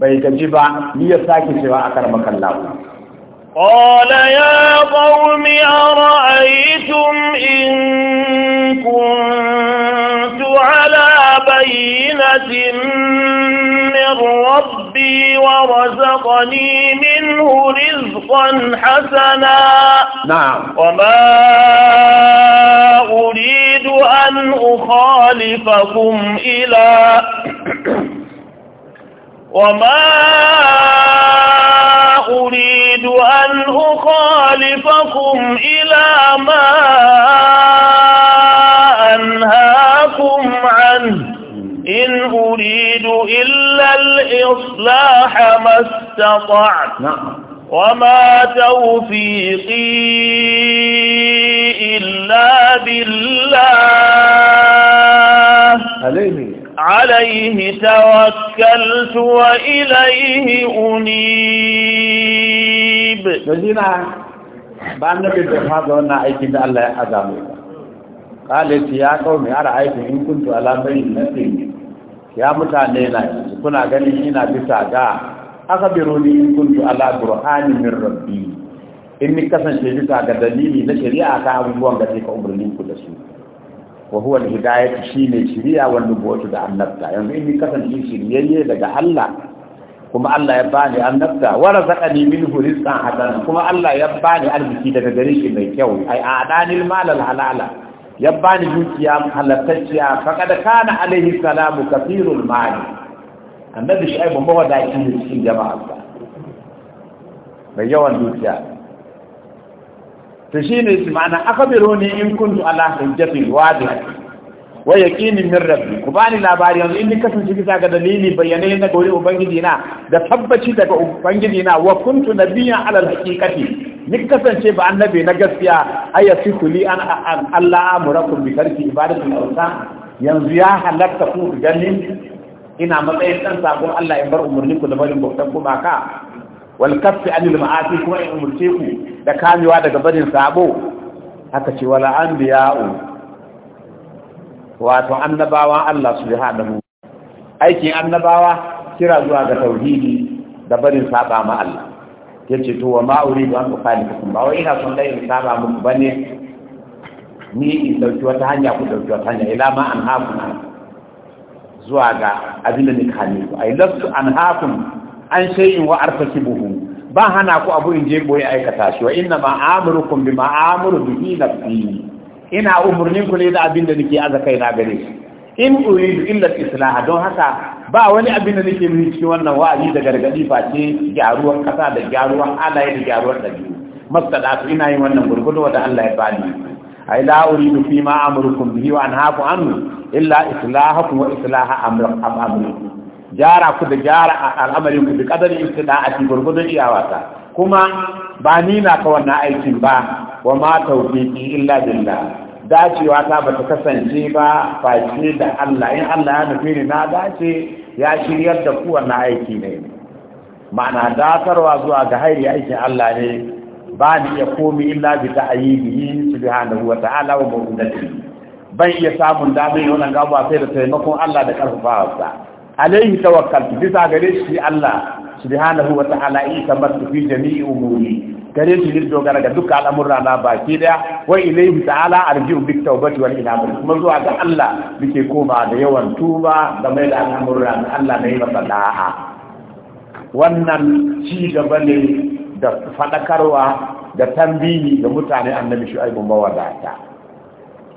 bai gaji ba ni ya sake cewa akar makallahu قال يا قوم أرأيتم إن كنت بينة من ربي ورزقني منه رزقا حسنا نعم وما أريد أن أخالفكم إلى وما أريد أن أخالفكم إلى ما أنهاكم عنه إن أريد إلا الإصلاح ما استطعت نعم وما توفيقي إلا بالله عليه عليه توكلت وإليه أنيب نجينا بأنك تفاضلنا أيكي الله أزامي kale ya kaumi ara aikin in kuntu ala bayyinatin ya mutane na kuna ganin ina bisa ga biro ni in kuntu ala burhani min rabbi in ni kasance bisa ga dalili na shari'a ka abubuwan da take umarnin ku da su wa huwa al-hidayatu shine shari'a wa nubuwatu da annabta yanzu in ni kasance shiriyayye daga Allah kuma Allah ya bani annabta wa razaqani minhu rizqan hadan kuma Allah ya bani arziki daga gare shi mai kyau ai adanil malal halala ya bani dukiya halattacciya faqad kana alaihi salamu kathirul mali annabi shaibu mawadaci ne cikin jama'arsa mai yawan dukiya to shine su ma'ana akhbiruni in kuntu ala hujjatin wadih wa yaqinin min rabbi ku bani labari yanzu in kasance kisa ga dalili bayanai na gori ubangiji na da tabbaci daga ubangiji na wa kuntu nabiyyan ala alhaqiqati ni kasance ba annabi na gaskiya ayati kuli an Allah amurakum bi tarki ibadatul awsan yanzu ya halatta ku ganin ina matsayin dan sako Allah in bar umurni ku da barin bautan ku ka wal kaffi anil ma'asi kuma in umurce ku da kamewa daga barin sabo haka ce wala anbiya'u wato Annabawa Allah subhanahu aikin annabawa kira zuwa ga tauhidi da barin saba ma Allah yace to wa ma'auri ba ku kufali ku ba wai ina son dai in saba muku ba ne ni in ɗauki wata hanya ku ɗauki wata hanya ila ma an hakun zuwa ga abinda ni kame ku ai lasu an hakun an shayin wa arfasibuhu buhu ba hana ku abu in je boye aikata shi wa inna ma amurukum bi amuru bihi nafsi ina umurnin ku ne da abinda nake azakai na gare shi in uridu illa islaha don haka ba wani abin da nake nuni cikin wannan wa'azi da gargadi ce gyaruwar kasa da gyaruwar halaye da gyaruwar dabi'u mastadatu ina yin wannan gurgudu wanda Allah ya bani ai la uridu fi ma amrukum bihi wa anhaakum anhu illa islahakum wa islaha amrukum gyara ku da gyara al'amarin ku bi kadari istida'ati gurgudun iyawata kuma ba ni na ka wannan aikin ba wa ma tawfiqi illa billah dacewa ta bata kasance ba face da Allah in Allah ya nufi ni na dace ya shiryar da ku wannan aiki ne ma'ana datarwa zuwa ga hairi aikin Allah ne ba ni ya komi illa bi ta'ayidihi subhanahu wa ta'ala wa mu'minati ban iya samun damar yi wannan gaba sai da taimakon Allah da karfafawarsa alaihi tawakkaltu bisa gare shi Allah subhanahu wa ta'ala in tabbata fi jami'i umuri gare shi ne dogara ga duka al'amurra na baki daya wa ilaihi ta'ala arji'u bi tawbati wal inaba kuma zuwa ga Allah muke koma da yawan tuba da mai da al'amurra da Allah ne ya da'a wannan ci gaba ne da fadakarwa da tambihi ga mutane annabi shu'aibu mawadata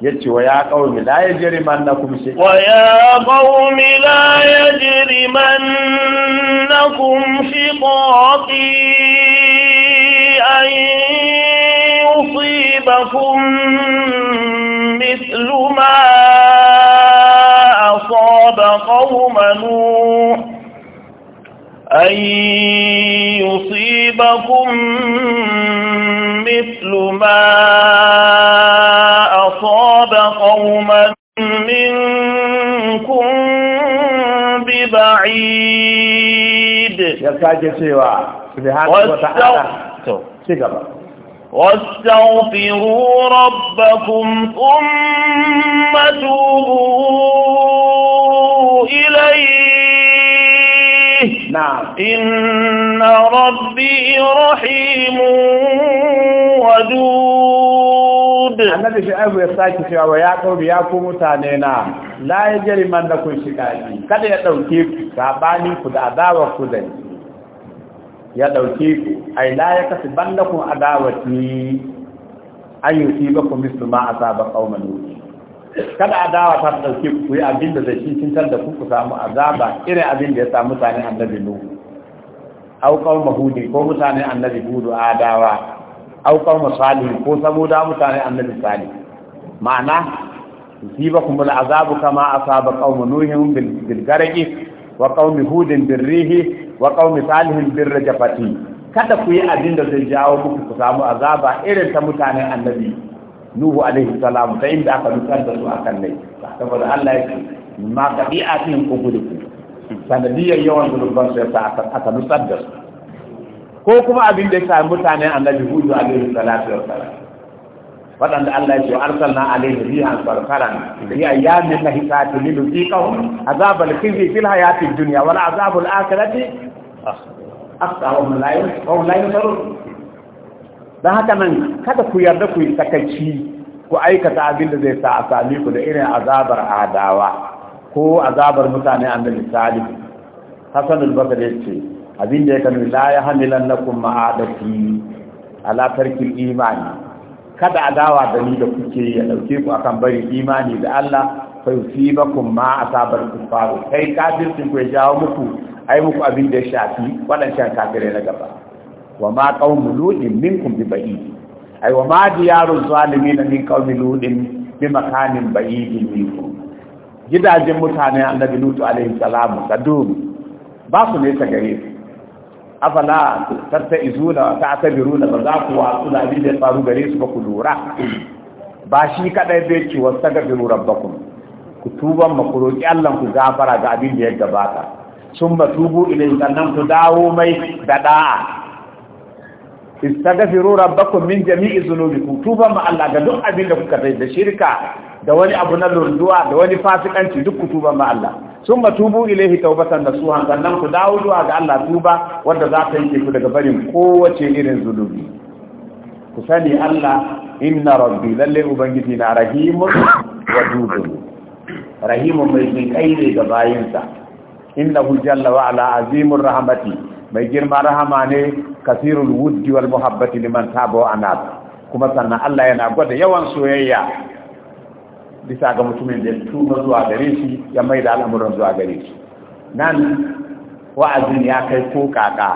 yace wa ya qaumi la yajrimannakum shay wa ya qaumi la yajrimannakum shiqaqi أن يصيبكم مثل ما أصاب قوم نوح أن يصيبكم مثل ما أصاب قوم منكم ببعيد يا كاجي سيوا سبحانه وتعالى to ci gaba واستغفروا ربكم ثم توبوا إليه نعم إن ربي رحيم ودود النبي شعب يستاكي شعب ويعقوب يعقوب متانينا لا يجري من لكم شكاكي kada ya ɗauke ku saɓanin ku da adawar ku da ya ɗauke ku ay la yakasiban lakum adawati an yusibakum mithlu ma asaba qauman lut kada adawa ta dauke ku yi abin da zai cintar da ku ku samu azaba irin abin da ya samu mutanen annabi nuhu aw qauma hudin ko mutanen annabi hudu adawa aw qauma salihin ko saboda mutanen annabi salih ma'ana yusibakum bil azabu kama asaba qauma nuhum bil garqi wa qaumi hudin birrihi wa qaumi salihin birrajafati kada ku yi abin da zai jawo muku ku samu azaba irin ta mutanen annabi nuhu alaihi salam ta inda aka nutsar da su akan nai saboda Allah ya ce ma qabi'atin ugulikum sanadiyar yawan zulubban su yasa aka nutsar da su ko kuma abin da ya sami mutanen annabi hudu alaihi salatu wa salam waɗanda Allah ya ce arsalna alaihi rihan sarkaran fi ayyamin nahisati liluqiqahum azabal khizi fil hayati dunya wal azabul akhirati afsa wa malayin wa sarur don haka nan kada ku yarda ku yi sakaci ku aikata abin da zai sa a sami ku da irin azabar adawa ko azabar mutane mil misali hassan al ya yace abin da ya kanu la ya hamilan lakum ma'adati ala imani kada adawa da ni da kuke ya dauke ku akan bari imani da Allah fa yusibakum ma sabar kufaru kai kafircin sun ya jawo muku ai muku abin da ya shafi waɗancan kafirai na gaba wa ma qaumu Min kun bi a yi wa ma zalimi na min ƙaunin lutin bi makanin bi minkum gidajen mutane annabi lutu alaihi salam kadum ba su ne ta gare su afala tarta izuna ta tabiruna ba za ku wasu da abin da ya faru gare su ba ku lura ba shi kadai bai ci wasu tagabiru rabbakum ku tuba ma ku roƙi Allah ku gafara ga abin da ya gabata sun ba tubu ilai sannan ku dawo mai da da'a istaghfiru rabbakum min jami'i dhunubikum tuba ma Allah ga duk abin da kuka da shirka da wani abu na lurduwa da wani fasikanci duk ku tuba ma Allah sun ba tubu ilaihi tawbatan nasuha sannan ku dawo zuwa ga Allah tuba wanda za ta yanke ku daga barin kowace irin zunubi ku sani Allah inna rabbi lalle ubangiji na rahimun wa rahimun mai jin kai ne ga bayinsa innahu jalla wa ala azimur rahmati mai girma rahama ne kasirul wuddi wal muhabbati liman taba wa anab kuma sannan Allah yana gwada yawan soyayya bisa ga mutumin da tuba zuwa gare shi ya mai da al'amuran zuwa gare shi nan wa'azin ya kai ko kaka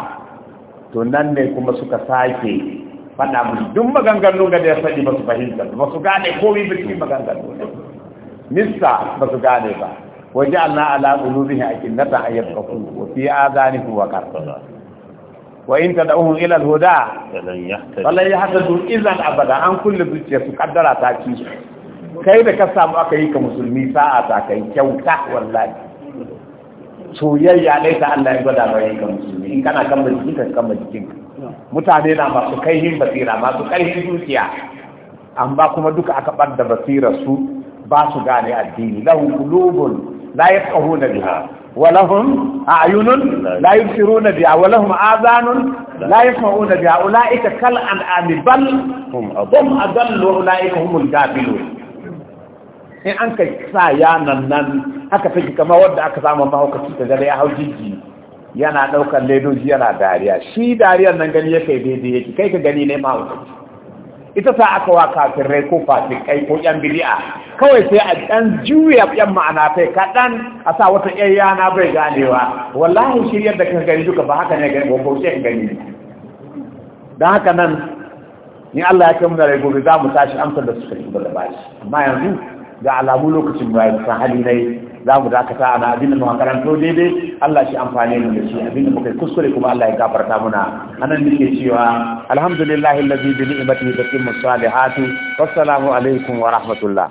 to nan ne kuma suka sake faɗa musu duk maganganu ga da ya faɗi ba su fahimta ba su gane komai bikin maganganu nissa ba su gane ba waje Allah ala qulubihi akinnatan ayyafqahu wa fi adanihi wa qarra wa in ta tad'uhum ila al-huda falan duk illa abada an kulle zuciya su kaddara ta ci kai da ka samu aka yi ka musulmi sa'a ta kai kyauta wallahi soyayya dai ta Allah ya gwada ba ka musulmi in kana kan ka kan jikinka mutane na masu kaihin basira masu karfin zuciya ba kuma duka aka ɓar da basirar su ba su gane addini lahum qulubun la yafqahuna biha wa lahum a'yunun la yubsiruna biha wa lahum adhanun la yasma'una biha ulaika kal an'ami bal hum adallu ulaika al ghafilun in an ka sa yanan nan aka fiki kamar wanda aka samu mahaukaci ta gare ya hau jijji yana ɗaukar ledoji yana dariya shi dariyar nan gani ya kai daidai yake kai ka gani ne mahaukaci ita sa aka wa kafirai ko fasikai ko yan bidi'a kawai sai a ɗan juya yan ma'ana kai kaɗan a sa wata yan yana bai ganewa wallahi shiryar da kan gani duka ba haka ne gani ko sai gani don haka nan ni Allah ya kai mu da rai gobe za mu tashi amsar da suka ba da bashi amma yanzu ga alamu lokacin bayan san hali dai za mu dakata ana abin da dai dai daidai Allah shi amfane mu da shi abin da muka kuskure kuma Allah ya gafarta muna anan nake cewa alhamdulillahi allazi bi ni'matihi tatimmu salihati wassalamu alaikum wa rahmatullah